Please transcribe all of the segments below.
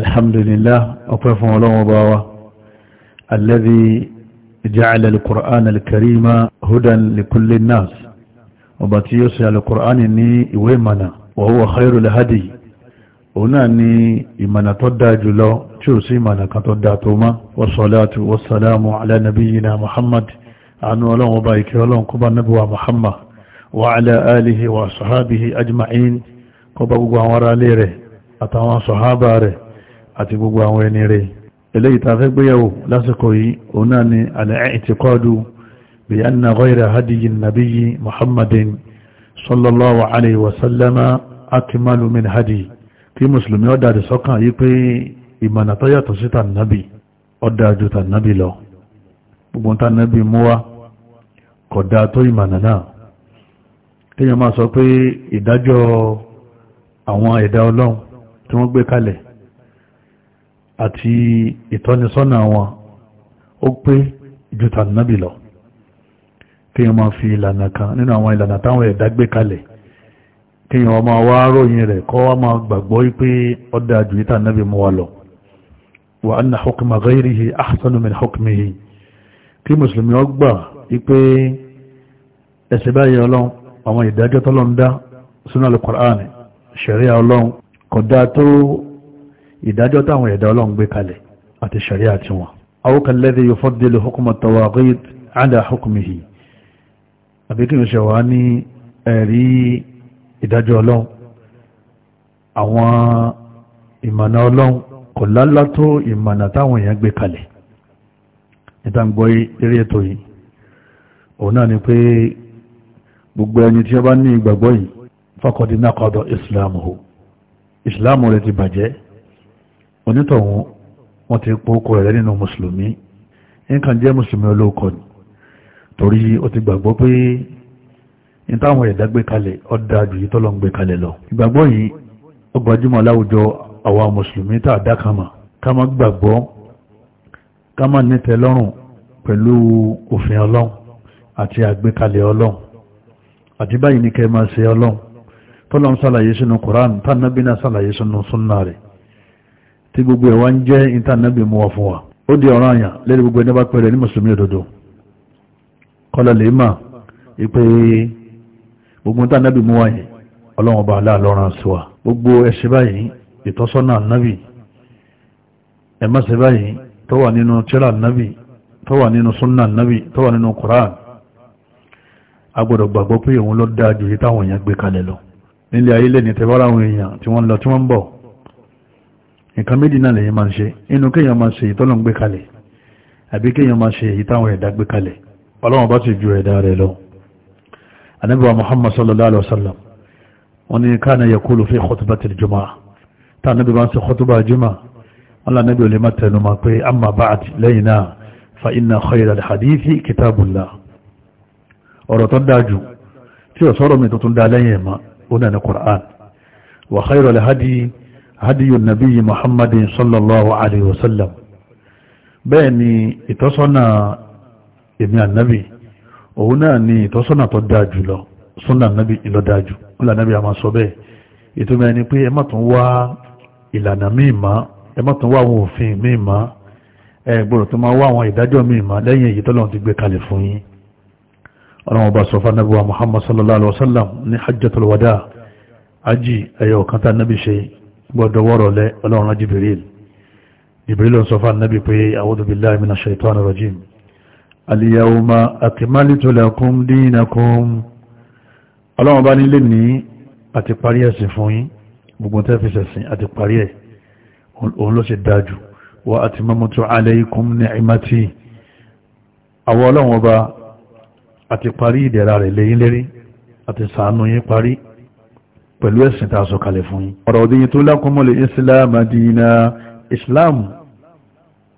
alhamdulillah ọpẹ́ fún ọlọ́wọ́ bá wa alladhi ja'ala al-Qur'ana al-Karima hudan li kulli nas ọba tí yóò ṣe al-Qur'ani ní ìwé ìmọ̀nà wa huwa khayrul hadi òun náà ni ìmọ̀nà tó dáa jùlọ tí ó sí ìmọ̀nà kan tó dáa tó má wassalatu wassalamu ala nabiyyina Muhammad àánú ọlọ́run ọba ìkẹ́ ọlọ́run kó bá nábíwá Muhammad wa ala alihi wa sahabihi ajma'in kó bá gbogbo àwọn ará lé rẹ̀ àtàwọn sahaba rẹ̀ àti gbogbo àwọn ẹni rẹ̀ eléyìí tá fẹ́ gbéyàwó lásìkò yìí òun náà ni al-i'tiqadu bi anna ghayra hadyi nabiyyi muhammadin sallallahu alayhi wa sallama akmalu min hadyi kí mùsùlùmí ó dàdì sọ́kàn yí pé ìmọ̀nà tó yàtọ̀ sí tànàbì ó dájú tànàbì lọ gbogbo tànàbì mú wá kódà tó ìmọ̀nà náà kíyàn máa sọ pé ìdájọ́ àwọn ẹ̀dá ọlọ́run tí wọ́n gbé kalẹ̀ àti ìtọ́nisọ́nà wọn ó pé ju tànàbì lọ kí wọ́n máa fi ìlànà kan nínú àwọn ìlànà táwọn ẹ̀dá gbé kalẹ̀ kí wọ́n máa wá ròyìn rẹ̀ kọ́ wá máa gbàgbọ́ pé ó dáa ju tànàbì mú wa lọ wa anna hukma ghayrihi ahsanu min hukmihi kí mùsùlùmí ó gbà pé ẹ̀sẹ̀ báyìí ọlọ́run àwọn ìdájọ́ tọ́lọ́ ń dá sínú Al-Qur'an ṣẹ̀ríà ọlọ́run kódà tó ìdájọ́ táwọn ẹ̀dá ọlọ́run gbé kalẹ̀ àti ṣàríà àti wọn awókànlẹ́dẹ̀ yóò fọ́dẹ̀lẹ̀ hukuma tawagid ala hukumihi àbí kí n ṣe wá ní ẹ̀rí ìdájọ́ ọlọ́run àwọn ìmọ̀nà ọlọ́run kò lálá tó ìmọ̀nà táwọn èèyàn gbé kalẹ̀ níta ń gbọ́ eré ètò yìí òun náà ni pé gbogbo ẹni tí ó bá ní ìgbàgbọ́ yìí faqad naqada islamuhu islamu rẹ̀ onítọ̀hún wọ́n ti pọ́ okọ̀ rẹ̀ nínú mùsùlùmí nǹkan jẹ́ mùsùlùmí olóòkọ̀ ni torí ó ti gbàgbọ́ pé ní táwọn ẹ̀dá gbé kalẹ̀ ó dáa jù yìí tọ́lọ́ ń gbé kalẹ̀ lọ ìgbàgbọ́ yìí ó gbajúmọ̀ láwùjọ àwa mùsùlùmí tá a dá kama ká má gbàgbọ́ ká má nítẹ́ lọ́rùn pẹ̀lú òfin ọlọ́run àti àgbékalẹ̀ ọlọ́run àti báyìí ní kẹ́ máa ṣe ọlọ́run tọ́lọ́run ṣàlàyé sínú Kùránì tánàbínà ṣàlàyé sínú súnnà rẹ̀ tí gbogbo ẹ̀wà ń jẹ́ ìntànẹ́bì mú wa fún wa ó di ọ̀rọ̀ àyàn lẹ́rí gbogbo ẹ̀nẹ́bà pẹ̀rẹ̀ ní mùsùlùmí òdodo kọlẹ̀ lè mà ìpé gbogbo ìntànẹ́bì mú wa yìí ọlọ́run bá aláàlọ́ràn sí wa gbogbo ẹ̀ṣẹ̀ báyìí ìtọ́sọ́nà nábì ẹ̀mọ́sẹ̀ báyìí tó wà nínú tíra nábì tó wà nínú súnà nábì tó wà nínú Qur'an a gbọ́dọ̀ gbàgbọ́ pé nǹkan méjì náà lèyìn máa ń ṣe inú kéèyàn máa ṣe ìtọ́nà gbé kalẹ̀ àbí kéèyàn máa ṣe èyí táwọn ẹ̀dá gbé kalẹ̀ ọlọ́wọ́n bá sì ju ẹ̀dá rẹ̀ lọ anábíwá muhammad sallallahu alaihi wasallam wọn ni káàna yakulu fi khutbati al-jumu'ah tá anábí bá ń ṣe khutba juma wọn lànàbí olè má tẹnu ma pé amma ba'd lẹ́yìn náà fa inna khayra al-hadithi ọ̀rọ̀ tó dájú tí ò sọ́rọ̀ mi tuntun dá lẹ́yìn ẹ̀ma ó nà qur'an wa khayra al هدي النبي محمد صلى الله عليه وسلم بني اتصنا ابن النبي وهنا ني اتصنا تداجو لو súnà nábi ìlọ́dájú kúlà nábi àmà sọ bẹ́ẹ̀ ètò mẹ́rin ni pé ẹ má tún wá ìlànà míì mọ́ ẹ má tún wá àwọn òfin míì mọ́ ẹ gbọ́dọ̀ tó máa wá àwọn ìdájọ́ míì mọ́ lẹ́yìn èyí tọ́lọ́run ti gbé kalẹ̀ fún yín ọlọ́run ọba sọ fún anábíwá Muhammad sallallahu alaihi wa sallam ní hajjatul wada ají ẹ̀yọ̀ kan tá nábi ṣe gbọ́dọ̀ wọ́rọ̀ lẹ ọlọ́run jibril jibril ń sọ fún anabi pé a'udhu billahi minash shaitani rajim al-yawma akmaltu lakum dinakum ọlọ́run bá nílé ní àti parí ẹ̀sìn fún yín gbogbo tẹ́ fi ṣẹ̀sìn àti parí ẹ̀ òun ló ṣe dájú wa atmamtu alaykum ni'mati àwọn ọlọ́run ọba àti parí ìdẹ̀ra rẹ̀ lẹ́yìn lérí àti ṣàánú yín parí pẹ̀lú ẹ̀sìn tá a sọ kalẹ̀ fún yín ọ̀rọ̀ òdìyìn tó lákọ́mọ́lẹ̀ islam adìyìnà islam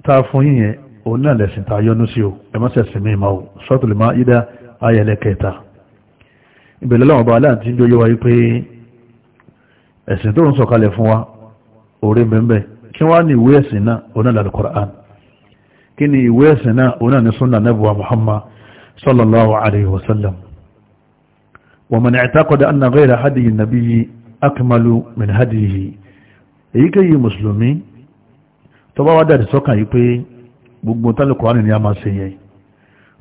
tá a fún yín yẹn òun náà lẹ̀sìn tá a yọnu sí o ẹ má sẹ̀sìn mí ma o suratul maida ayẹlẹ kẹta ìbẹ̀lẹ̀ lọ́wọ́ bá aláǹtí ń jọyọ wáyé pé ẹ̀sìn tó ń sọ kalẹ̀ fún wa òre mẹ́mẹ́ kí wọ́n ní ìwé ẹ̀sìn náà òun náà al-Qur'an kí ni ìwé ẹ̀sìn náà òun náà ní sunna nabuwa muhammad sallallahu alayhi wa sallam ومن اعتقد أن غير هدي النبي أكمل من هديه èyíkéyìí mùsùlùmí tó bá wádà ti sọ́kàn yí pé gbogbo tálù kọ́ránì ni a máa ṣe yẹn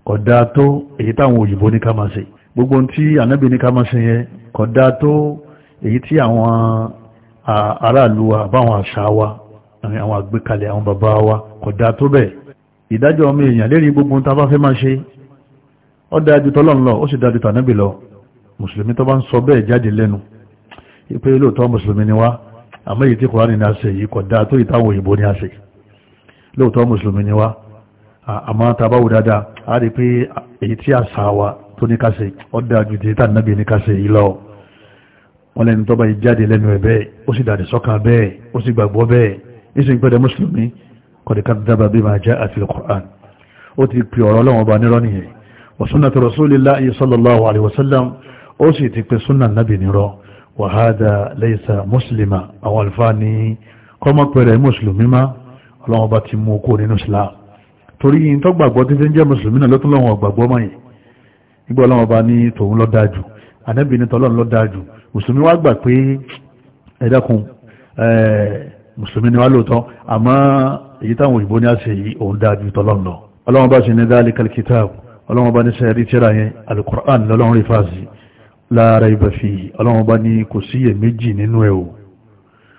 kódà tó èyí táwọn òyìnbó ní ká máa ṣe gbogbo tí ànábì ní ká máa ṣe yẹn kódà tó èyí tí àwọn aráàlú wa àbáwọn àṣà wa àwọn àgbékalẹ̀ àwọn bàbá wa kódà tó bẹ́ẹ̀ ìdájọ́ ọmọ èèyàn lérí gbogbo tá a bá fẹ́ máa ṣe ó dájú tọ́lọ́run lọ ó sì dájú tànábì lọ mùsùlùmí tó bá ń sọ bẹ́ẹ̀ jáde lẹ́nu pé lóòótọ́ mùsùlùmí ni wá àmọ́ èyí tí kòránì ní àṣẹ yìí kódà tó ìtàwọn òyìnbó ní àṣẹ lóòótọ́ mùsùlùmí ni wá àmọ́ tá a bá wò dáadáa a rí pé èyí tí àṣà wa tó ní kásẹ̀ ó dáa ju tètè tàbí ní kásẹ̀ yìí lọ wọn lẹni tó bá yìí jáde lẹ́nu ẹ̀ bẹ́ẹ̀ ó sì dàdí sọ́kàn bẹ́ẹ̀ ó sì gbàgbọ́ bẹ́ẹ̀ ìsìn pẹ́ẹ́dẹ́ mùsùlùmí kọ̀díkà dábàá bí máa jẹ́ àti Al-Qur'an ó sì ti pe súnà nábì nírọ́ wàhádà laysa mùsùlùmá àwọn àlùfáà ní kọ́mọ́ pẹ̀rẹ̀ mùsùlùmí má ọlọ́wọ́n bá ti mú kó nínú islam torí yìí tó gbàgbọ́ títí ń jẹ́ mùsùlùmí náà lọ́tún lọ́wọ́n gbàgbọ́ mọ́ yìí nígbà ọlọ́wọ́n bá ní tòun lọ́ dáa jù ànábì ní tọ́lọ́n lọ́ dáa jù mùsùlùmí wá gbà pé ẹ mùsùlùmí ni wá lóòótọ́ àmọ́ èyí táwọn òyìnbó ní àṣẹ yìí òun dáa jù tọ́lọ́n lọ ọlọ́wọ́n bá ṣe ní dáálí kálíkítàbù ọlọ́wọ́n bá ní sẹ́yẹ́rì tíra yẹn alukur'an lọ́lọ́run rí fáàsì la raiba fi ọlọ́run bá ní kò sí iyèméjì nínú ẹ̀ o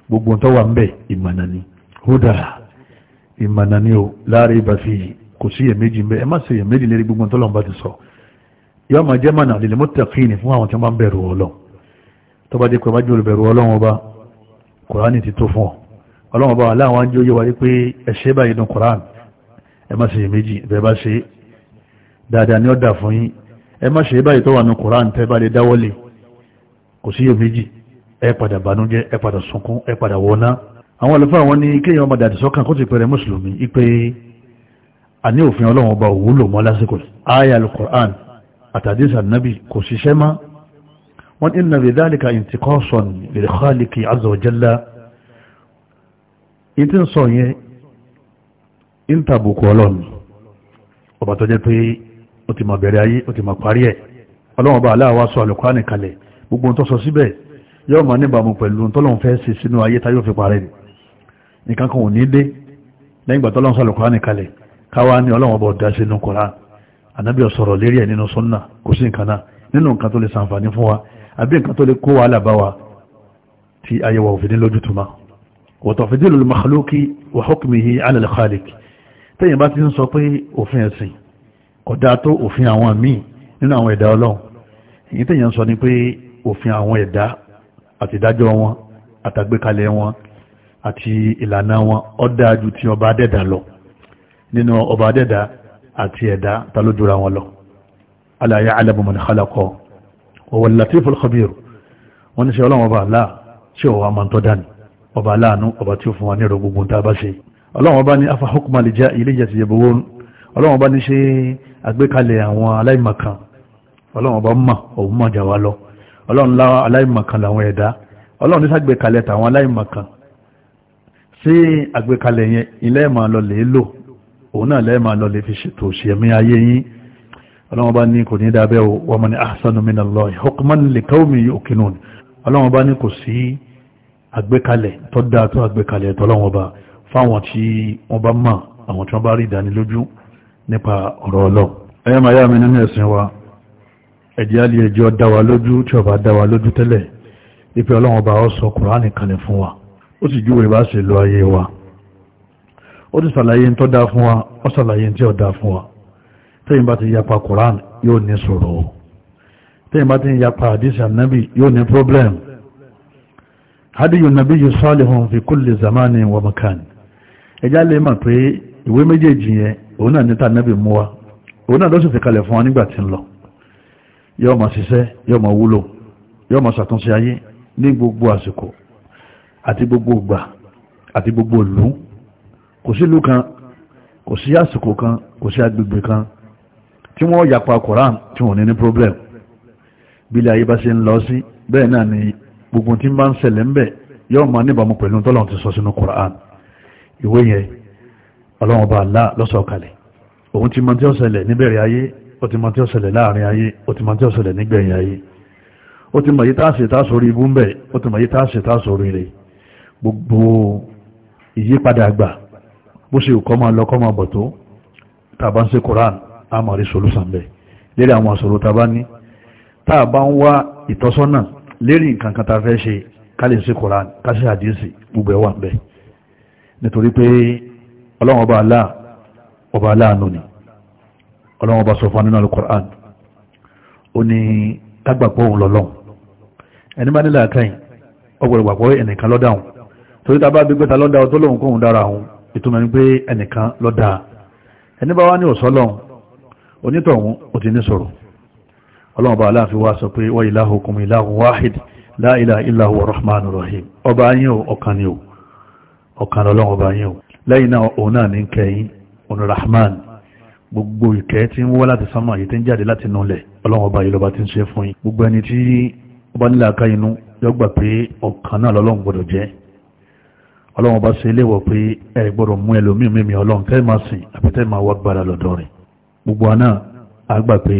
gbogbo tó wà ń bẹ̀ ìmọ̀nà ni huda ìmọ̀nà ni o la raiba fi kò sí iyèméjì ń bẹ̀ ẹ má ṣe iyèméjì lérí gbogbo tó lọ́n bá ti sọ yọ máa jẹ́ mọ̀nà lil muttaqin fún àwọn tí wọ́n bá ń bẹ̀rù ọlọ́ tó bá jẹ́ pé wájú olùbẹ̀rù ọlọ́run ọba kùránì ti tó fún ọ ọlọ́run ọba aláwọn á ń jóyé wa pé ẹ báyìí dùn kùránì ẹ má ṣe iyèméjì bẹ́ẹ̀ bá ṣe dáadáa ni ó dà fún yín ẹ má ṣe báyìí tó wà ní koran tẹ́ bá lè dáwọ́lé kò sí iye méjì ẹ padà bànújẹ́ ẹ padà sunkún ẹ padà wọná àwọn àlùfáà wọn ní kéèyàn ọmọdé àdìsọ́kàn kó ti pẹ̀rẹ̀ mùsùlùmí ipe àní òfin ọlọ́run ọba òwúlò mọ́ lásìkò àyà alukoran àtàdísà nábì kò ṣiṣẹ́ má wọ́n ní nàbì dálìkà ìntìkọ́sọ̀n lil khaliqi azza wa jalla ìtì ń sọ yẹn ìntàbùkù ọlọ́run ọba tó pé ó ti mọ̀ bẹ̀rẹ̀ ayé ó ti mọ̀ parí ẹ̀ ọlọ́run bá aláwa sọ àlùkùránì kalẹ̀ gbogbo ohun tó sọ síbẹ̀ yóò máa níbàámu pẹ̀lú tọ́lọ́run fẹ́ ṣe sínú ayé tá yóò fi parẹ́ ni nǹkan kan ò ní dé lẹ́yìn ìgbà tọ́lọ́run sọ àlùkùránì kalẹ̀ káwa ní ọlọ́run bọ̀ dá sínú koran ànábì ọ̀sọ̀rọ̀ lérí ẹ̀ nínú sunna kò sí nǹkan kódà tó òfin àwọn míì nínú àwọn ẹ̀dá ọlọ́run èyí tèèyàn sọ ni pé òfin àwọn ẹ̀dá àti ìdájọ́ wọn àtàgbékalẹ̀ wọn àti ìlànà wọn ó dáa ju ti ọba adẹ́dà lọ nínú ọba adẹ́dà àti ẹ̀dá ta ló jura wọn lọ ala ya'lamu man khalaqa wa huwa al-latiful khabir wọ́n ní ṣe ọlọ́run ọba àlá ṣe ọwọ́ àmàntọ́ dání ọba aláàánú ọba tí ó fún wa ní ẹ̀rọ gbogbo ń tá bá ṣe ọlọ́run ọba ní afa hukma al-jahiliyyati yabghun ọlọ́wọ́n bá ní ṣe àgbékalẹ̀ àwọn aláìmọ̀kan ọlọ́wọ́n bá mọ̀ òun mọ̀ jà wá lọ ọlọ́run lá aláìmọ̀kan làwọn ẹ̀dá ọlọ́run ní sàgbékalẹ̀ tàwọn aláìmọ̀kan sí àgbékalẹ̀ yẹn ilẹ̀ máa lọ lè lò òun náà lẹ́ẹ̀ máa lọ lè fi ṣètò ṣèmí ayé yín ọlọ́wọ́n bá ní kò ní dábẹ́ o wa ahsanu minallahi hukman li qawmin yuqinun ọlọ́wọ́n bá ní kò sí àgbékalẹ̀ tó dáa tó àgbékalẹ̀ tọ́lọ́wọ́n bá fáwọn tí wọ́n bá mọ̀ àwọn tí wọ́n bá rí ìdánilójú nípa ọ̀rọ̀ ọlọ́run ẹ̀yẹ́ máa yá mi nínú ẹ̀sìn wa ẹ̀jẹ̀ alẹ́ ẹjọ́ dá wa lójú tí ọba dá wa lójú tẹ́lẹ̀ ipe ọlọ́run ọba ọ sọ kùránì kalẹ̀ fún wa ó sì júwèé bá ṣe lo ayé wa ó ti ṣàlàyé ń tọ́ dá fún wa ó ṣàlàyé ń tí ó dá fún wa tẹ́yìn bá ti yapa kùránì yóò ní sọ̀rọ̀ o tẹ́yìn bá ti yapa àdìsí ànábì yóò ní problem hadiyu nabi yusuf alihun fi kulli zamani wa makan ẹ̀jẹ̀ alẹ́ òun náà níta nẹ́bì mú wa òun náà lọ́sẹ̀ fìkalẹ̀ fún wa nígbà tí ń lọ yóò máa ṣiṣẹ́ yóò máa wúlò yóò máa ṣàtúnṣe ayé ní gbogbo àsìkò àti gbogbo ìgbà àti gbogbo ìlú kò sí ìlú kan kò sí àsìkò kan kò sí agbègbè kan tí wọ́n yapa Koran tí wọ́n ní ní problem bílẹ̀ ayé bá ṣe ń lọ sí bẹ́ẹ̀ náà ni gbogbo tí ń bá ń ṣẹlẹ̀ ń bẹ̀ yóò máa níbàámu pẹ̀lú tọ́lọ̀ ti sọ sínú Koran ìwé yẹn ọlọ́run bá Allah lọ́sọ̀kalẹ̀ òun ti mọ tí ó ṣẹlẹ̀ níbẹ̀rẹ̀ ayé ó ti mọ tí ó ṣẹlẹ̀ láàrin ayé ó ti mọ tí ó ṣẹlẹ̀ nígbẹ̀yìn ayé ó ti mọ̀ yí tá a ṣe tá a sórí ibú ń bẹ̀ ó ti mọ̀ tá a ṣe tá a sórí rẹ̀ gbogbo ìyípadà àgbà bó ṣe kọ́ máa lọ máa bọ̀ tó tàbá ń ṣe Koran a máa rí solúsàn bẹ̀ lérí àwọn àṣòro tàbá ní tàbá ń wá ìtọ́sọ́nà lérí nǹkan kan ta fẹ́ ṣe ká lè ṣe Koran ká ṣe àdíyèsí gbogbo ẹ̀ wà ń bẹ̀ nítorí pé ọlọ́run ọba aláà ọba aláàánú ni ọlọ́run ọba sọ fún nínú alukur'an ó ní kágbàgbọ́ òun lọ́lọ́run ẹni bá nílẹ̀ àtẹ́yìn ọgbọ̀rọ̀ gbàgbọ́ ẹnìkan lọ́dáhùn torí tá a bá bí pé ta lọ́dá ọ tó lóun kóhun dára òun ìtumọ̀ ni pé ẹnìkan lọ́dá ẹni bá wá ní òsọ́lọ́run onítọ̀hún ó ti ní lẹ́yìn náà òun náà ní kẹyìn òun rahman gbogbo ìkẹ́ tí ń wọ́ láti sánmà yìí tí ń jáde láti nulẹ̀ ọlọ́run ọba ìlọba tí ń ṣe fún yín gbogbo ẹni tí ọba nílẹ̀ aka inú yọgbà pé ọ̀kan náà lọ́lọ́run gbọ́dọ̀ jẹ́ ọlọ́run ọba ṣe léwọ̀ pé ẹ gbọ́dọ̀ mú ẹlòmíì mímí ọlọ́run tẹ́ máa sìn àbí tẹ́ máa wá gbára lọ́dọ̀ rẹ̀ gbogbo àná àgbà pé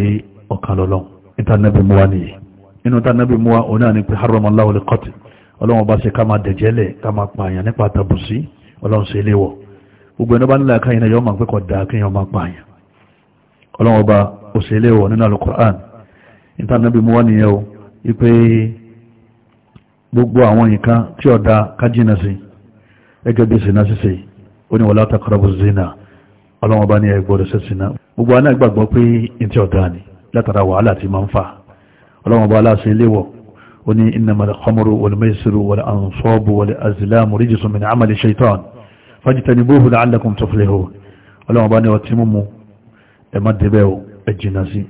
ọ̀kan lọ́lọ́run ọlọ́run ṣe léwọ̀ gbogbo ẹni bá nílẹ̀ káyìn náà yọ máa pẹ́kọ̀ dáa kí yọ máa pààyàn ọlọ́run ọba ó ṣe léwọ̀ nínú alukur'an níta níbi mú wá nìyẹn o wípé gbogbo àwọn nǹkan tí ọ̀dà kájínà sí gẹ́gẹ́ bí sinna ṣíṣe ó ní wala taqrabu zina ọlọ́run ọba ní ẹgbọ́dọ̀ ṣe sinna gbogbo àwọn náà gbàgbọ́ pé ntí ọ̀dà ni látara wàhálà ti máa ń fà ọlọ́run ọba aláṣẹ léwọ̀ ó ní innamal khamru wal maisiru wal ansabu wal azlamu rijsun min amali shaitan fajitanibuhu la'allakum tuflihu ọlọ́wọ́n bá ní ọtí mímu ẹ má débẹ̀ o ẹ jìnà sí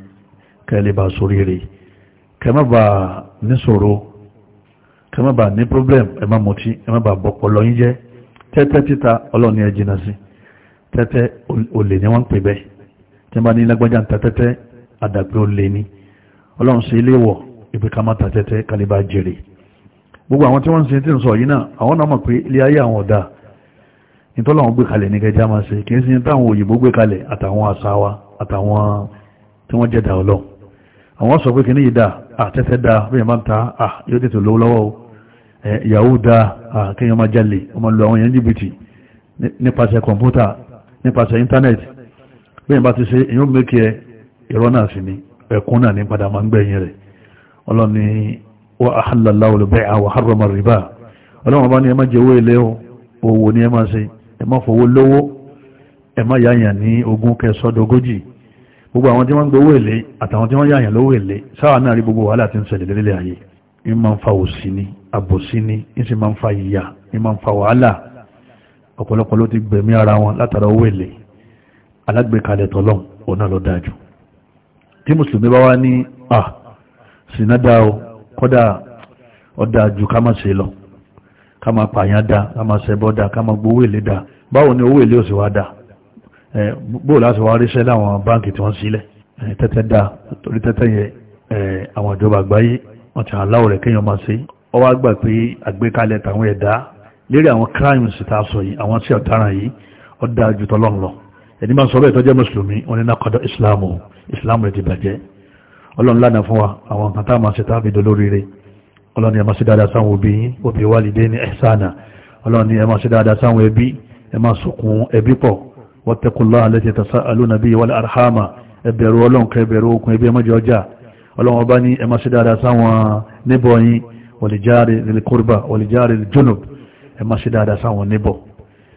kẹ́lẹ́ bá sórí rè kẹ́ má bà ní sọ̀rọ̀ kẹ́ má bà ní problem ẹ má mutí ẹ má jẹ́ tẹ́tẹ́ títa ọlọ́ọ̀ni ẹ sí tẹ́tẹ́ olè ni wọ́n pè bẹ́ẹ̀ tí bá ní lágbájá tẹ́tẹ́ àdàgbé olè ni ọlọ́run sí ilé wọ̀ ìtọ́láwọn gbé kalẹ̀ ní kẹjá máa ṣe kìí sí táwọn òyìnbó gbé kalẹ̀ àtàwọn àṣáwá àtàwọn tí wọ́n jẹ́dà ọlọ́ àwọn sọ pé kì ní ìdá àtẹ́fẹ́ dá bẹ́yàn máa ń ta yóò tètè lówó lọ́wọ́ ìyàwó dá kéèyàn máa jalè ọmọ lu àwọn èèyàn jìbìtì nípasẹ̀ kọ̀ǹpútà nípasẹ̀ íńtánẹ́ẹ̀tì bẹ́yàn bá ti ṣe èèyàn mékì ìrọ́ náà sì ni ẹ̀kún náà ní padà máa ń gbẹ̀yìn rẹ̀ ọlọ́ni wa ni ẹ má jẹ owó ilé ẹ má fowó lówó ẹ má yáyàn ní ogún kẹsọ́dọ̀gójì gbogbo àwọn tí wọ́n ń gbowó èlé àtàwọn tí wọ́n yáyàn lówó èlé sáwà náà rí gbogbo wàhálà tí ń ṣẹlẹ̀ lélẹ̀ ayé ń máa ń fa òsì ni àbòsí ni ń sì máa ń fa ìyà ń máa ń fa wàhálà ọ̀pọ̀lọpọ̀ ló ti gbẹ̀mí ara wọn látara owó èlé alágbèkalẹ̀ tọ́lọ́n òun náà lọ dájú tí mùsùlùmí bá wá ní à sínádà o kọ́dà ọ̀dà ju ká má ṣe lọ ká má pààyàn dá ká má ṣẹbọ́ dá ká má gbowó èlé dá báwo ni owó èlé òsì wá dá bóò láti wá ríṣẹ́ láwọn báǹkì tí wọ́n sílẹ̀ tẹ́tẹ́ dá torí tẹ́tẹ́ yẹ àwọn ìjọba àgbáyé wọ́n ti aláwọ̀ rẹ̀ kéèyàn máa ṣe ọ wá gbà pé àgbékalẹ̀ tàwọn ẹ̀dá lérí àwọn crimes tá a sọ yìí àwọn tí ọ̀daràn yìí ó dáa ju tọ́lọ́n lọ ẹni máa ń sọ bẹ́ẹ̀ tó jẹ́ mùsùlùmí wọn ní nàkọ́dọ̀ ìsìláàmù ìsìláàmù rẹ̀ ti bàjẹ́ ọlọ́run lánàá fún wa àwọn nǹkan tá a máa ṣe tá a fi dolóríire ọlọ́run ni ẹ máa ṣe dáadáa sáwọn òbí yín òbí wálìdé ní ẹ̀sánà ọlọ́run ni ẹ máa ṣe dáadáa sáwọn ẹbí ẹ máa sọkún ẹbí pọ̀ wattaqullaha allati tasaaluna bihi wal arhama ẹbẹ̀rù ọlọ́run kẹbẹ̀rù okùn ẹbí ẹmọ́jọ ọjà ọlọ́run ọba ní ẹ máa ṣe dáadáa sáwọn níbọ̀ yín wal jari lil qurba wal jari lil junub ẹ máa ṣe dáadáa sáwọn níbọ̀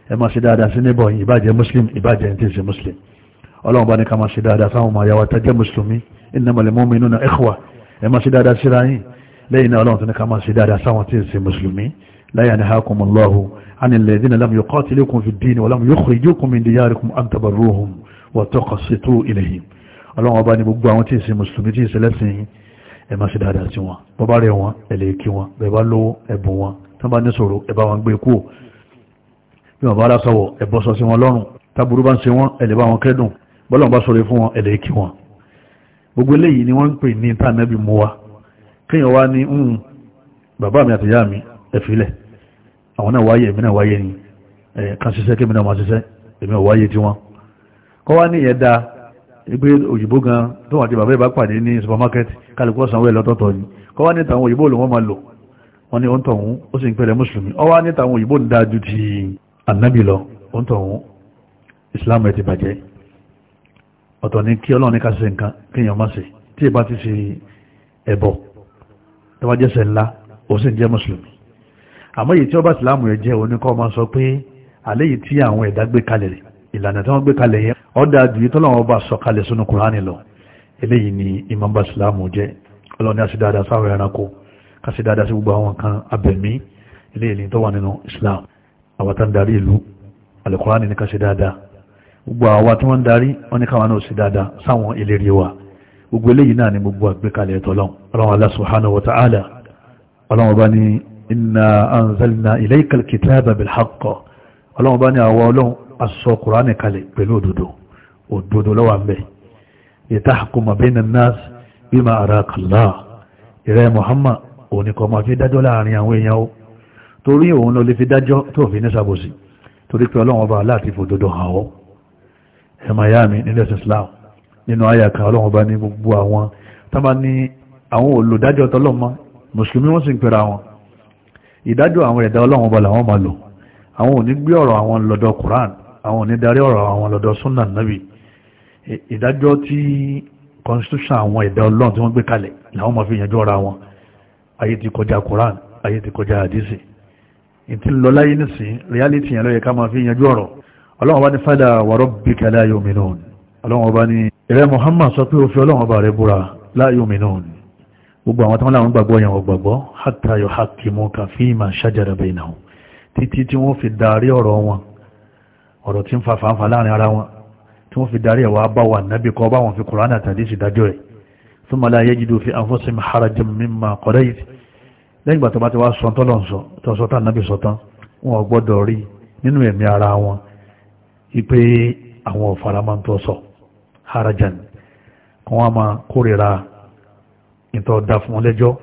ẹ máa ṣe dáadáa sí níbọ̀ yín ìbájẹ́ muslim ìbájẹ́ ẹni tí ń ṣe muslim ọlọ́run لا ينهاكم الله عن الذين لم يقاتلوكم في الدين ولم يخرجوكم من دياركم أن تبروهم وتقسطوا إليهم ọlọ́run ọba ni gbogbo àwọn tí ìsin mùsùlùmí tí ìsin lẹ́sìn ẹ máa ṣe dáadáa sí wọn bọ́bá rẹ̀ wọn ẹ̀lẹ́kí wọn bẹ̀bá lówó ẹ̀bùn wọn tán bá níṣòro ẹ̀bá wọn gbé kú bí wọn bá lásọ̀wọ̀ ẹ̀bọ́ sọ sí wọn lọ́rùn táburú bá ń ṣe wọn ẹ̀lẹ́ bá wọn kẹ́dùn bọ́lọ́run bá sọ̀rọ̀ fún wọn ẹ̀lẹ́kí wọn gbogbo eléyìí ni wọ́n ń pè ní tànẹ́bì mú wa kéèyàn wá ní bàbá mi àtìyá mi ẹ̀fílẹ̀ àwọn náà wáyé èmi wáyé ni kan ṣiṣẹ́ kí èmi náà máa ṣiṣẹ́ èmi náà wáyé tí wọ́n kọ́ wá ní ìyẹ̀dá pé òyìnbó gan tó wọ́n ti bàbá ìbá pàdé ní supermarket kálukú ọ̀sánwó ẹ̀ lọ́tọ̀ọ̀tọ̀ ni kọ́ wá ní tàwọn òyìnbó lòun máa lò wọ́n ní òǹtọ̀hún ó sì ń pẹ̀lẹ́ mùsùlùmí ọ wá ní tàwọn òyìnbó ń da ju ti ànábì lọ òǹtọ̀hún tó wá jẹ́sẹ̀ ńlá ó sì jẹ́ mùsùlùmí àmọ́ èyí tí ó bá ìsìláàmù ẹ̀ jẹ́ oníkọ́ máa sọ pé àléyìí tí àwọn ẹ̀dá gbé kalẹ̀ ìlànà tí wọ́n gbé kalẹ̀ yẹn ó dáa jù yìí tọ́lọ́wọ́n bá sọ kalẹ̀ sínú kùránì lọ eléyìí ni ìmọ̀ bá ìsìláàmù jẹ́ ọlọ́ni àti sáwọn ẹranko kásì sí gbogbo àwọn kan abẹ̀mí eléyìí tó wà nínú islam àwọn tá ń darí ìlú alukùránì ní kásì dáadáa gbogbo àwa tí wọ́n ń darí wọ́n ní káwọn náà sí dáadáa sáwọn ìlérí wa gbogbo eléyìí inna anzalna ilayka alkitaba bilhaqq ọlọ́run bá ní àwọ ọlọ́run aṣọ kùránì kalẹ̀ pẹ̀lú òdodo òdodo lọ́wọ́ mẹ́ litahkuma bayna an-nas bima araka Allah ìrẹ́ Muhammad òní kọ́ máa fi dájọ́ láàrin àwọn èèyàn ó torí òun ló lè fi dájọ́ tó fi ní sàbòsí torí pé ọlọ́run ọba láti fòdodo hàn ọ́ ẹ̀mà nílẹ̀ Islam nínú àyàkà ọlọ́run ọba ní gbogbo àwọn tó bá ní àwọn olùdájọ́ tọ́lọ́mọ mùsùlùmí wọ́n sì ń pera wọn ìdájọ́ àwọn ẹ̀dá ọlọ́run bọ̀ làwọn máa lò àwọn ò ní gbé ọ̀rọ̀ àwọn lọ́dọ̀ Quran àwọn ò ní darí ọ̀rọ̀ àwọn lọ́dọ̀ sunna nabi ìdájọ́ tí constitution àwọn ẹ̀dá ọlọ́run tí wọ́n gbé kalẹ̀ làwọn máa fi yanjú ọ̀rọ̀ àwọn ayé ti kọjá Quran ayé ti kọjá hadisi ìtì lọ láyé nísìn reality yẹn lọ́yẹ ká máa fi yanjú ọ̀rọ̀ ọlọ́run bá ní fádà wa rabbika la yu'minun ọlọ́run bá ní ìrẹ́ Muhammad sọ pé òfin ọlọ́run bá rẹ búra la yu'minun gbogbo àwọn tán láwọn gbàgbọ́ yẹn wọ́n gbàgbọ́ hatta yuhakkimuka fima shajara bainahum títí tí wọ́n fi darí ọ̀rọ̀ wọn ọ̀rọ̀ tí ń fa fàáfà láàrin ara wọn tí wọ́n fi darí ẹ̀wà bá wà nábì kọ́ bá wọn fi Kùránì àtàdé sí dájọ́ ẹ̀ thumma la yajidu fi anfusihim harajan mimma qadayt lẹ́yìn ìgbà tó bá ti wá sọ tọ́lọ̀ sọ tó sọ ìtọ́ da fún wọn lẹ́jọ́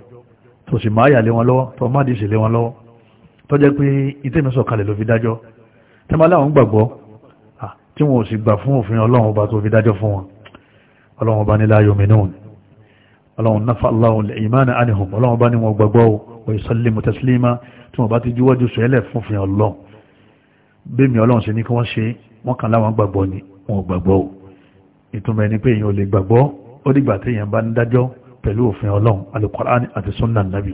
tó sì máa yà lé wọn lọ́wọ́ tó má dìísì lé wọn lọ́wọ́ tó jẹ́ pé ìtẹ́mi sọ̀kalẹ̀ ló fi dájọ́ tẹ́ máa láwọn gbàgbọ́ tí wọn sì gbà fún òfin ọlọ́run ọba tó fi dájọ́ fún wọn ọlọ́run ọba ní la yu'minun ọlọ́run nafa Allahu imana anhum ọlọ́run ọba ní wọn taslima tí wọn bá ti jíwájú sẹ́lẹ̀ fún òfin ọlọ́run bẹ́ẹ̀mi ọlọ́run ṣe ní ni wọn ò gbàgbọ́ ìtumọ̀ ẹni pé èèyàn ò lè gbàgbọ́ ó dìgbà téèyàn bá ń dájọ́ pẹ̀lú òfin ọlọ́run alukọ̀rán àti sunna nàbì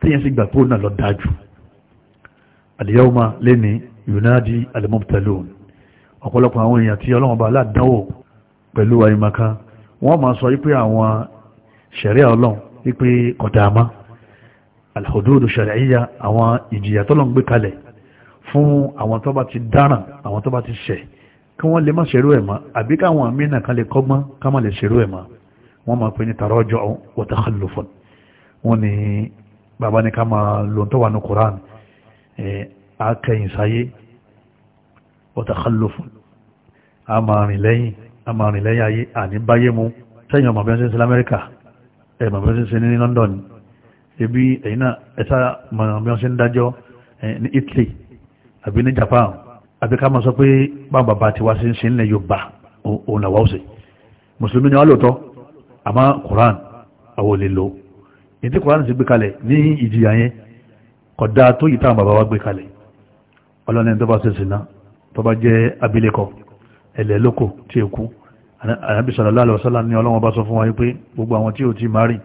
tíyẹn sì gbà pé ó náà lọ dájú àlìyáwọ́mà lẹ́ni yunadi alimọ́pútẹ́lóòn ọ̀pọ̀lọpọ̀ àwọn èèyàn tí ọlọ́run bá aládánwò pẹ̀lú àyèmàká wọ́n máa sọ wípé àwọn ṣẹ̀ríà ọlọ́run wípé kọ̀dàmá alhududu ṣẹ̀ríà àwọn ìjìyà tọ́lọ́run gbé kalẹ̀ fún àwọn tó bá ti dáràn àwọn tó bá ti ṣẹ̀ kí wọ́n lè má ṣerú ẹ̀ mọ́ àbí káwọn àmì wọ́n máa pè ní tarọ́jọ́ wa takhallufun wọ́n ní bàbá ní ká máa lò tó wà ní Qur'an akẹ́yìn sáyé wa takhallufun a máa rìn lẹ́yìn a máa rìn lẹ́yìn ayé àní báyé mu sẹ́yìn ọmọ bẹ́ẹ̀ sí Amẹ́ríkà ẹ̀mọ bẹ́ẹ̀ sí ní London ebi ẹ̀yìn náà ẹ̀sà mọ̀ bẹ́ẹ̀ ń dájọ́ ní Italy àbí ní Japan àbí ká máa sọ pé báwọn bàbá tiwa sí ń ṣe ń lẹ Yorùbá òun làwọn ọ̀sẹ̀ mùsùlùmí ni wọ́n lò tọ́ àmọ́ Quran àwọn olè lò Quran sì gbé kalẹ̀ ní ìjìyà yẹn kódà tó yìí táwọn bàbá wa gbé kalẹ̀ ọlọ́ni tó bá ṣe sìnà tó bá jẹ́ abilékọ ẹ̀lẹ́ lóko tí ó kú Ànábì sallallahu alaihi wasallam ní wa wípé gbogbo àwọn tí ò ti máa rí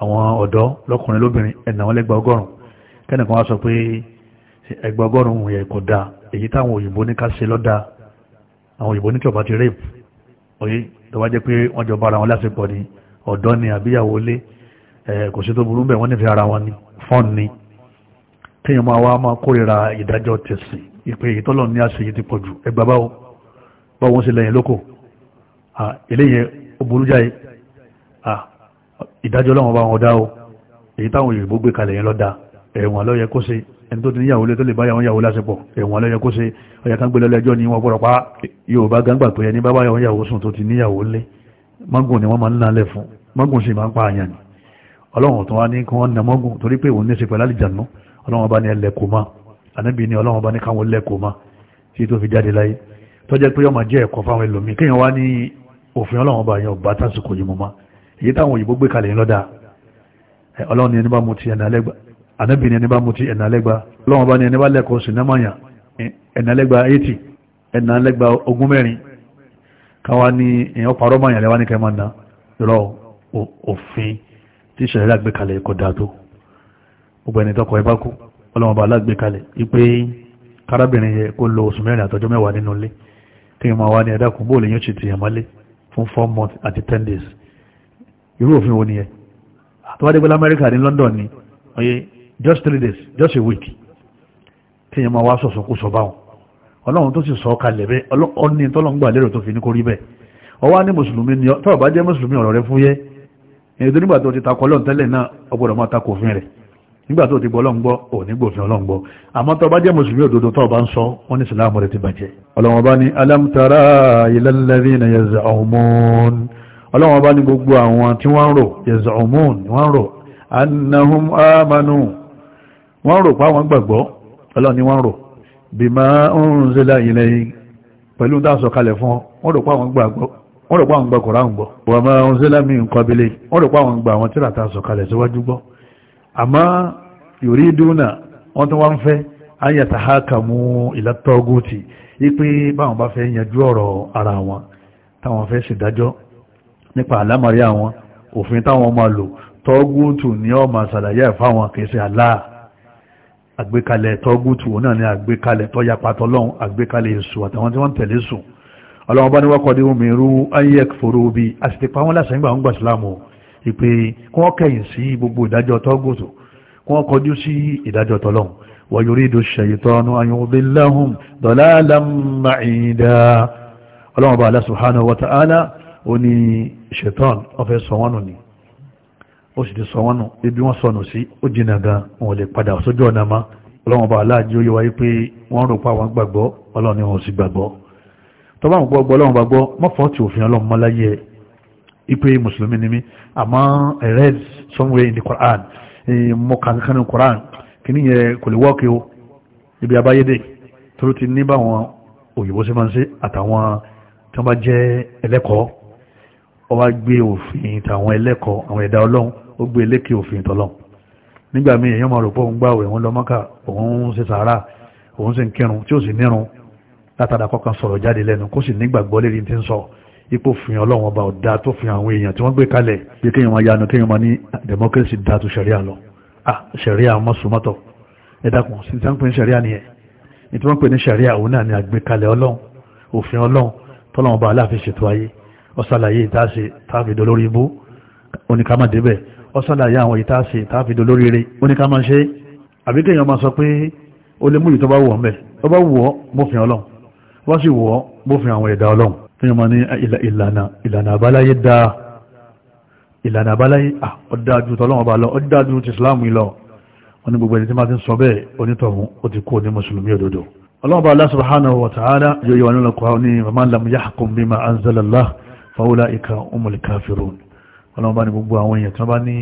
àwọn ọ̀dọ́ lọ́kùnrin lóbìnrin ẹ̀nà wọn tó bá jẹ́ pé wọ́n jọ bára wọn lásìkò ni ọ̀dọ́ ni àbíyàwó lé kò sí tó burú bẹ́ẹ̀ wọ́n nífẹ̀ẹ́ ara wọn ni fọ́n ni téèyàn máa wá máa kórìíra ìdájọ́ tẹ̀sìn ìpè ìtọ́lọ̀ ní àṣeyí ti pọ̀jù ẹgbà báwo báwo wọ́n sì lẹ́yìn lóko eléyìí ó burú jáde ìdájọ́ lọ́wọ́ bá wọn dá o èyí táwọn òyìnbó gbé kalẹ̀ yẹn lọ́dà ẹ̀wọ̀n lọ́yẹ kó ṣe ẹni tó ti níyàwó lé tó lè báyàwó yàwó lásìpọ̀ ẹ̀wọ̀n lẹ́yẹ kó ṣe ọ̀yà kan gbélé lẹ́jọ́ ni wọ́n gbọ́dọ̀ pa Yorùbá gángbà pé ẹni bábá yàwó yàwó sùn tó ti níyàwó lé mágùn ni wọ́n máa ń nálẹ̀ fún mágùn sì máa ń pa àyàn ni ọlọ́run tó wá ní kí wọ́n na mágùn torí pé òun ní ṣe pẹ̀lú àlìjànú ọlọ́run bá ní ẹlẹ́kọ̀ọ́ ma ànábì ní ọlọ́run bá ní káwọn ẹlẹ́kọ̀ọ́ ma tí tó fi jáde láyé tó jẹ́ pé ọmọ jẹ́ ẹ̀kọ́ fáwọn ẹlòmíì kéèyàn wá ní òfin ọlọ́run bá yẹn ọba tásìkò yìí mọ́ ma èyí táwọn ẹni bá mu ti ẹ̀nà alẹ́gbàá ànábì ni ẹni bá mutí ẹ̀nà lẹ́gba ọlọ́wọ́n bá ní ẹni bá lẹ́kọ̀ọ́ sinamanya ẹ̀nà lẹ́gba 80 ẹ̀nà lẹ́gba ogún mẹ́rin káwa ní ẹ̀yàn parọ́ mọ́yàn lẹ́wà ní kẹma ná lọ òfin tí ìṣẹ̀lẹ̀ lágbékalẹ̀ kò dáa tó gbogbo ẹni tọkọ ẹbá kú ọlọ́wọ́n bá lágbékalẹ̀ wípé kárábìnrin yẹ kó lo four months àti ten days irú òfin wo ni ẹ àtọ́wádé pẹ́lú Amẹ́ríkà ní London ni just three days just a week tí yẹn máa wá sọ̀sọ̀ kó sọ báwọn ọlọ́run tó sì sọ kalẹ̀ bẹ́ ọ́ní tọ́lọ́ngbà lérò tó fi ní kó rí bẹ́ẹ̀ ọwá ní mùsùlùmí ni tọ́ọ̀ bá jẹ́ mùsùlùmí ọ̀rọ̀ rẹ fún yẹ́ èdè nígbà tó ti takọ ọlọ́run tẹ́lẹ̀ náà ọgbọ́dọ̀ máa takò òfin rẹ̀ nígbà tó ti gbọ́ ọlọ́run gbọ́ ò ní gbòfin ọlọ́run gbọ́ àmọ́ tọ́ bá jẹ́ mùsùlùmí òdodo tọ́ bá ń sọ wọ́n ní sìláàmù rẹ̀ ti bàjẹ́ ọlọ́run ọba ní alam tara ilal ladhina yaz'umun ọlọ́run ọba ní gbogbo àwọn tí wọ́n ń rò yaz'umun wọ́n ń rò annahum amanu wọ́n rò pa wọ́n gbàgbọ́ ọlọ́ni wọ́n rò bí máa ń ṣe láyìn lẹ́yìn pẹ̀lú dáṣọ kalẹ̀ fún wọ́n rò pa wọ́n gbàgbọ́ wọ́n rò pa gbọ́ wọ́n máa ń ṣe ń wọ́n rò pa gbà tíra tàṣọ kalẹ̀ síwájú gbọ́ yorí dúnà wọ́n tó wá ń fẹ́ ha kà mú ìlàtọ́gùtì wípé báwọn bá fẹ́ yanjú ọ̀rọ̀ ara wọn táwọn fẹ́ nípa àlámọ̀rí àwọn òfin táwọn lò tọ́gùtù ni ẹ̀fáwọn kìí àgbékalẹ̀ tọ́gùtù òun náà ni àgbékalẹ̀ tọ́ yapa tọ́lọ́hún àgbékalẹ̀ èso àtàwọn tí wọ́n tẹ̀lé sùn ọlọ́wọ́n bá ní wọ́kọ̀ ní omi irú ayek foro bi a sì ti pa wọ́n lásán nígbà wọn gbà sílámù ìpè kí wọ́n kẹ̀yìn sí gbogbo ìdájọ́ tọ́gùtù kí wọ́n kọjú sí ìdájọ́ tọ́lọ́hún wọ́n yorí ìdó ṣèyítọ́nù ayọ̀dẹ́láhùn dọ̀láàlámàìdá ó sì ti sọ wọn nù ibi wọ́n sọnù sí ó jìnà gan wọn ò lè padà sójú ọ̀nà ma ọlọ́wọ́n bá aláàjì oyé wáyé pé wọ́n rò pa àwọn gbàgbọ́ ọlọ́run ni wọn ò sì gbàgbọ́ tó bá wọn gbọ́ gbọ́ ọlọ́run bá gbọ́ mọ́fọ́ tí òfin ọlọ́run mọ́ láyé ẹ̀ ipe mùsùlùmí ni mí àmọ́ I read somewhere in the Quran eh, mo kà kankan ní Quran kì ní yẹ kò lè wọ́ọ̀kì o ibi abáyédè tó ti ní báwọn òyìnbó sí máa ń ṣe àtàwọn tí wọ́n bá jẹ́ ẹlẹ́kọ̀ọ́ ọ wá gbé òfin tàwọn ẹlẹ́kọ̀ọ́ àwọn ẹ̀dá ọlọ́run ó gbé lékè òfin tọ́lọ́ nígbà míì èèyàn máa rò pé òun gbààwẹ̀ òun lọ Mọ́kà òun ṣe sàárà òun sì ń kírun tí ó sì nírun látara kọ́kan sọ̀rọ̀ jáde lẹ́nu kó sì nígbàgbọ́ lérí tí ń sọ ipò fìyàn ọlọ́run ọba ọ̀dà tó fi àwọn èèyàn tí wọ́n gbé kalẹ̀ bí kéèyàn máa yanu kéèyàn máa ní ah, democracy dá tu sẹ̀ríà lọ ah sẹ̀ríà mọ́sùmọ́tọ̀ ẹ dákun sí ti wọ́n pè ní sẹ̀ríà nìyẹn ní tí wọ́n ní sẹ̀ríà òun náà ni àgbékalẹ̀ ọlọ́run òfin ọlọ́run tọ́lọ́run ọba aláàfin ṣètò ayé ọ̀sàlàyé ìtaṣe táàfin dolórí ibú oníkàmàdébẹ̀ ọ̀sánláyà àwọn ìtaṣe tààfi dolóríire ó ní ká máa ṣe àbí kéèyàn máa sọ pé o lè mú ìtọ́ bá wọ̀ mẹ́ ọ bá wọ̀ mọ́fin ọlọ́run wá sí wọ̀ mọ́fin àwọn ẹ̀dá ọlọ́run kéèyàn máa ní ah, ìlànà àbáláyé dáa ìlànà àbáláyé ọ̀dájú tọ́lọ́wọ́n bá lọ ọ̀dájú ti Islam lọ oní gbogbo ẹni tí máa ti ń sọ bẹ́ẹ̀ onítọ̀hún ó ti kú ní mùsùlùmí òdodo ọlọ́wọ́n bá Allah subhanahu wa ta'ala ọlọ́run bá ní gbogbo àwọn èèyàn tí wọ́n bá ní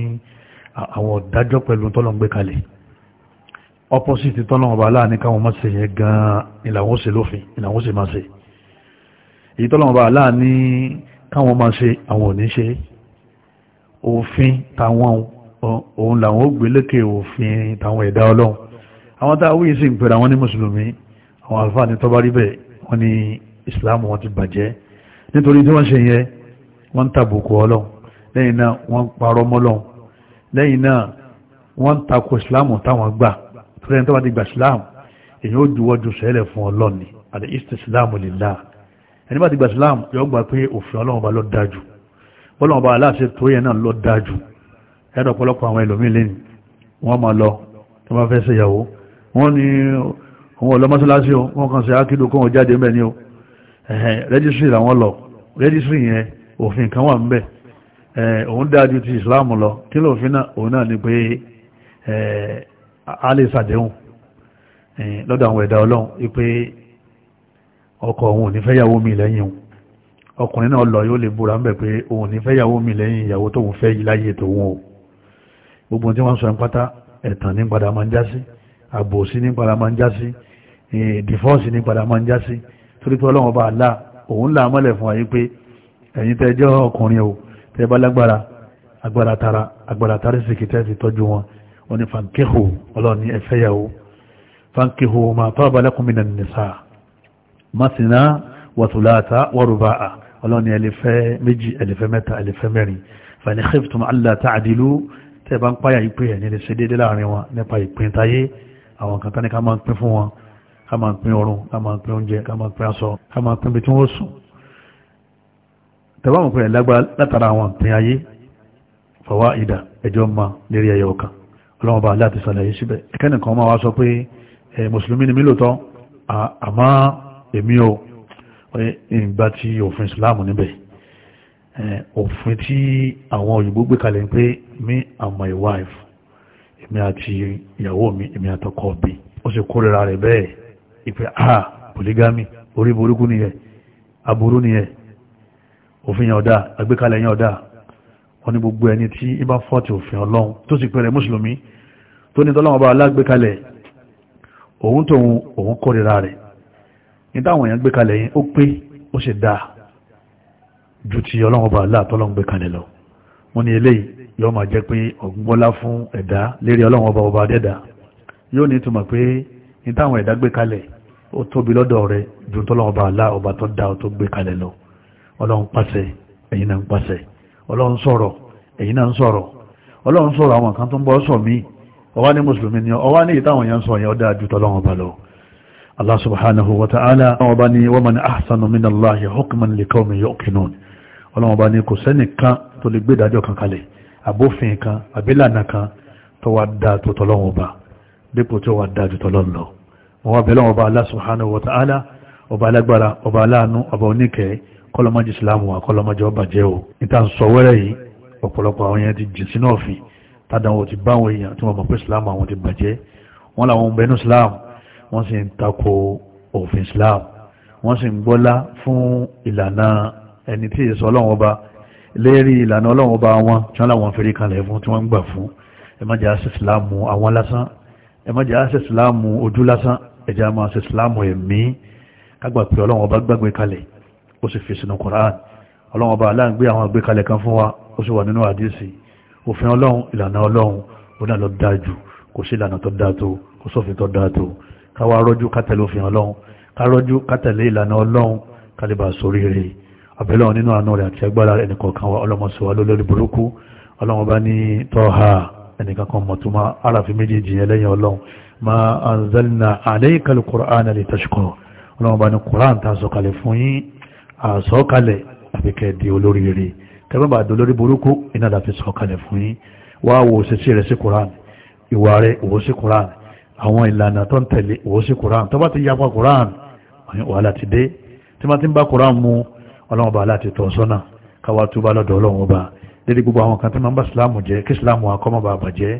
àwọn ọ̀dájọ́ pẹ̀lú tọ́lọ́run gbé kalẹ̀ opposite tọ́lọ́run ọba aláàní káwọn máa ṣe yẹn gan-an ìlàwọ́n ṣe lófin ìlàwọ́n ṣe máa ṣe èyí tọ́lọ́run ọba aláàní káwọn máa ṣe àwọn ò ní ṣe òfin táwọn òun làwọn ó gbé lékè òfin táwọn ẹ̀dá ọlọ́run àwọn tá a wíyí sí ìpẹ̀rẹ̀ àwọn ní mùsùlùmí àwọn àlùfáà ní tọ́bárí bẹ́ẹ̀ wọ́n ní ìsìláàmù wọn ti bàjẹ́ nítorí tí wọ́n ṣe yẹn wọ́n ń tàbùkù ọlọ́run lẹ́yìn náà wọ́n ń parọ́ mọ́lọ́n lẹ́yìn náà wọ́n ń takò ìsìláàmù táwọn gbà torí ẹni tó bá ti gbà ìsìláàmù èyí ó juwọ́ ju sẹ́lẹ̀ fún ọlọ́run ni àti ìsìláàmù lillah ẹni bá ti gbà ìsìláàmù yọ gbà pé òfin ọlọ́run bá lọ dájú ọlọ́run bá aláṣẹ tó yẹn náà lọ dájú ẹ̀rọ ọ̀pọ̀lọpọ̀ àwọn ẹlòmíín lẹ́nu wọ́n máa lọ tó bá fẹ́ ṣe ni o rẹ́jísírì làwọn lọ rẹ́jísírì yẹn òfin òun dájú ti ìsìláàmù lọ kí ló fi náà òun náà ni pé a lè sàdéhùn lọ́dọ̀ àwọn ẹ̀dá ọlọ́run wípé ọkọ òun ò ní fẹ́yàwó mi lẹ́yìn òun ọkùnrin náà lọ yóò lè búra ń bẹ̀ pé òun ò ní fẹ́yàwó mi lẹ́yìn ìyàwó tóun fẹ́ yí láyé tòun o gbogbo tí wọ́n sọ ń pátá ẹ̀tàn ní padà máa ń jásí àbòsí ní padà máa ń jásí dìfọ́ọ̀sì ní padà máa ń jásí torí pé ọlọ́run ọba àlá òun là fún wa yí pé ẹ̀yin tẹ́ jẹ́ ọkùnrin o tẹ́ bá lágbára agbára tara agbára tara sìkì tẹ́ fi tọ́jú wọn wọn ni fankihu ọlọ́ni ẹ̀fẹ́yàwó fankihu ma taba lakum minan nisa masina wàtúláta wàrúbáà ọlọ́ni ẹlẹ́fẹ́ méjì ẹlẹ́fẹ́ mẹ́ta ẹlẹ́fẹ́ mẹ́rin fani khiftum alla ta'dilu tẹ́ bá ń páyà ìpín ẹ̀ nílẹ̀ ṣe déédé láàrin wọn nípa ìpín táyé àwọn kan tán ní ká máa ń pín fún wọn ká máa ń pín ọrùn ká máa ń pín oúnjẹ ká máa ń pín aṣọ ká máa ń pín bí tí wọ́n sùn tẹ̀wọ́n pẹ̀lẹ̀ lágbára látara àwọn àpín ayé fọwá ìdà ẹjọ́ ma lérí ẹyẹ ọ̀kan ọlọ́mọba aláti sàlàyé síbẹ̀ ẹkẹ́nì kan máa wá sọ pé mùsùlùmí ni mí lóòótọ́ àmọ́ èmi ò ìgbà tí òfin ìsìláàmù níbẹ̀ òfin tí àwọn òyìnbó gbé kalẹ̀ pé me and my wife èmi àti ìyàwó mi èmi àtọkọ mi ó sì kórìíra rẹ̀ bẹ́ẹ̀ ìpè ah polygamy orí burúkú nìyẹn aburú nìyẹn òfin yẹn ọ̀dá àgbékalẹ̀ yẹn ọ̀dá wọ́n ní gbogbo ẹni tí ibá fọ́tí òfin ọlọ́run tó sì pẹ̀rẹ̀ mùsùlùmí tó ní tọ́lọ́wọ́ bá alágbékalẹ̀ òun tóun òun kórìíra rẹ̀ ní táwọn èèyàn gbékalẹ̀ yẹn ó pé ó sì dáa ju ti ọlọ́run bá aláàtọ́lọ́run gbékalẹ̀ lọ wọ́n ní eléyìí yóò máa jẹ́ pé ọ̀gbọ́nlá fún ẹ̀dá lérí ọlọ́run ọba ọba dẹ́dà yóò ní túmọ̀ pé ní táwọn ẹ̀dá gbékalẹ̀ ó tóbi lọ́dọ̀ rẹ̀ ju tọ́lọ́run bá aláà ọba tó dáa tó gbékalẹ̀ lọ ọlọ́run pàṣẹ ẹ̀yin náà ń pàṣẹ ọlọ́run sọ̀rọ̀ ẹ̀yin náà ń sọ̀rọ̀ ọlọ́run sọ̀rọ̀ àwọn kan tó ń bọ́ sọ mí ọwá ní mùsùlùmí ni ọwá ní ìtàwọn yẹn sọ yẹn ó dáa ju tọ́lọ́run bá lọ Allah subhanahu wa ta'ala ọlọ́run bá ní wa man ahsanu minallahi hukman liqawmin yuqinun ọlọ́run bá ní kò sẹ́nìkan tó lè gbé ìdájọ́ kan kalẹ̀ àbófin kan àbílànà kan tó wá lọ wọ́n wá bẹ̀rẹ̀ ọba Allah subhanahu ọba alágbára ọba aláàánú ọba oníkẹ̀ẹ́ kọlọmọdé islam wa kọlọmọdé ọba jẹ́ o níta ń sọ wẹ́rẹ́ yìí ọ̀pọ̀lọpọ̀ àwọn yẹn ti jìn sínú ọ̀fìn tádàwọ̀ ti bá àwọn èèyàn tí wọ́n mọ̀ pé islam àwọn ti bàjẹ́ wọ́n làwọn ń bẹnu islam wọ́n sì ń tako òfin islam wọ́n sì ń gbọ́lá fún ìlànà ẹni tí èso ọlọ́run ọba lérí ìlànà ọlọ́run ọba wọn tí wọ́n làwọn fèrè kalẹ̀ fún tí wọ́n ń gbà fún ẹ má jẹ́ àṣẹ islam àwọn lásán ẹ má jẹ́ àṣẹ islam ojú lásán ẹ jẹ́ àmọ́ àṣẹ islam ẹ̀mí kágbà pé ọlọ́run ọba gbàgbé kalẹ̀ ó sì fi sínú Qur'an ọlọ́run ọba aláǹgbé àwọn àgbékalẹ̀ kan fún wa ó sì wà nínú àdísì òfin ọlọ́run ìlànà ọlọ́run ó náà lọ dáa jù kò sí ìlànà tó dáa tó kò sófin tó dáa tó káwa rọ́jú kátẹ̀lé òfin ọlọ́run ká rọ́jú kátẹ̀lé ìlànà ọlọ́run kálíbà sóríire àbẹ̀lọ́ nínú àánú rẹ̀ àti agbára ẹnìkọ̀ọ̀kan wa ọlọ́mọsọ̀wá lólórí burúkú ma anzalna alayka al-Qur'ana litashqa ọlọ́run bá ní kùrán àsọ́kalẹ̀ àfikẹ́ di olórí rẹ̀ tẹ́lọ́bà dolórí burúkú iná láti sọ́kalẹ̀ fún yín wá wo òṣìṣẹ́ rẹ̀ sí koran ìwà rẹ̀ òwò sí koran àwọn ìlànà tó ń tẹ̀lé òwò sí koran tó bá ti yapa koran wàhálà ti dé tí wọ́n ti ń bá koran mu ọlọ́wọ́n bá láti tọ̀ sọ́nà káwá túbá lọ́dọ̀ ọlọ́wọ́n bá dédé gbogbo àwọn kan tí wọ́n bá sílámù jẹ́ kí sílámù akọ́mọ́ bá bàjẹ́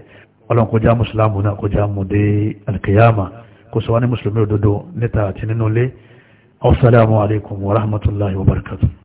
alkiyama kó sọ wá ní mùsùlùmí Assalamu alaikum wa rahmatullahi wa barakatuh